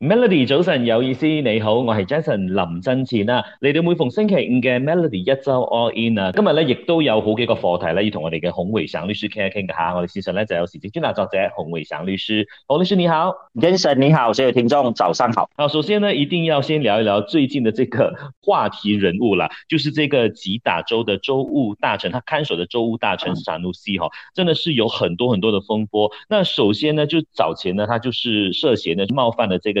Melody 早晨有意思，你好，我係 Jason 林振前呢，嚟到每逢星期五嘅 Melody 一周 all in 啊，今日咧亦都有好幾個課題咧要同我哋嘅洪偉祥律師傾一傾嘅吓。我哋先晨咧就有時間專登作者洪偉祥律師，洪律師你好，Jason 你好，所有聽眾早上好。啊，首先呢一定要先聊一聊最近的這個話題人物啦，就是這個吉打州的州務大臣，他看守的州務大臣薩努西，哈，真的是有很多很多的風波。那首先呢，就早前呢，他就是涉嫌呢冒犯了這個。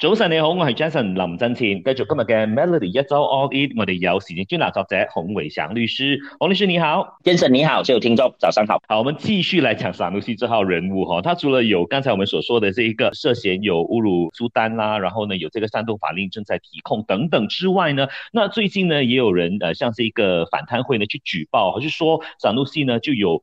早晨你好，我是 Jason 林振前，繼續今日嘅 Melody 一周 All In，我哋有時事專欄作者洪偉祥律師，洪律師你好，Jason 你好，所有聽眾早上好，好，我們繼續來講沙努西這號人物，吓，他除了有剛才我們所說的這一個涉嫌有侮辱蘇丹啦，然後呢有這個煽動法令正在提控等等之外呢，那最近呢也有人呃，呃向這一個反貪會呢去舉報，就是說沙努西呢就有。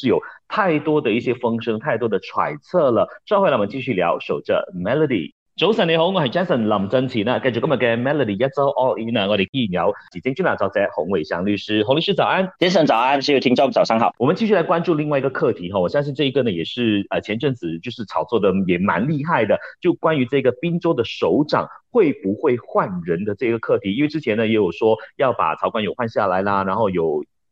是有太多的一些風聲，太多的揣測了，稍後呢我們繼續聊。守着 Melody，早晨你好，我是 Jason 林振前啦。跟住今日嘅 Melody 一周 All In 啦，我哋繼續聊。已經轉啦，收在洪偉祥律師，洪律師早安，Jason 早安，所有聽眾早上好。我們繼續來關注另外一個課題，吓，我相信這一個呢，也是誒、呃、前陣子就是炒作的，也蠻厲害的。就關於這個賓州的首長會不會換人的這個課題，因為之前呢，也有說要把曹觀友換下來啦，然後有。